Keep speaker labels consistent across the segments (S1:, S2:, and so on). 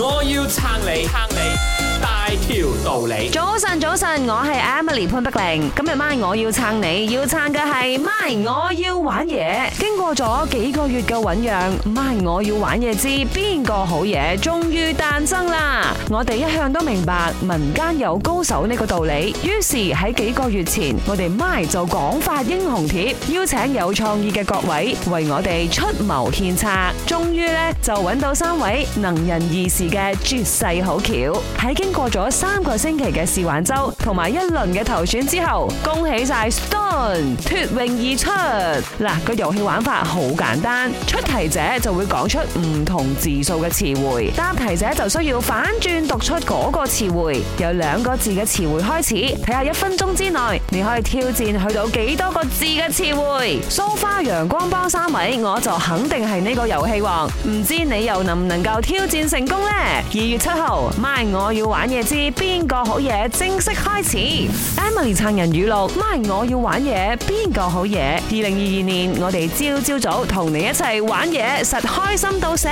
S1: 我要撐你，撐你大條道理。早
S2: 晨，早晨，我係 Emily 潘德玲。今日 my 我要撐你，要撐嘅係 my 我要玩嘢。經過咗幾個月嘅醞釀，my 我要玩嘢知邊個好嘢，終於誕生啦！我哋一向都明白民間有高手呢個道理，於是喺幾個月前，我哋 my 就廣發英雄帖，邀請有創意嘅各位為我哋出謀獻策。終於呢，就揾到三位能人異士。嘅絕世好橋喺經過咗三個星期嘅試玩周同埋一輪嘅投選之後，恭喜晒 Stone 脱穎而出。嗱，呢個遊戲玩法好簡單，出題者就會講出唔同字數嘅詞彙，答題者就需要反轉讀出嗰個詞彙。由兩個字嘅詞彙開始，睇下一分鐘之內你可以挑戰去到幾多個字嘅詞彙。蘇花陽光幫三位，我就肯定係呢個遊戲王。唔知你又能唔能夠挑戰成功咧？二月七號，my 我要玩嘢之邊個好嘢，正式開始。Emily 撐人語錄，my 我要玩嘢邊個好嘢。二零二二年，我哋朝朝早同你一齊玩嘢，實開心到死。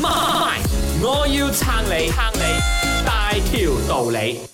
S1: my 我要撐你撐你，大條道理。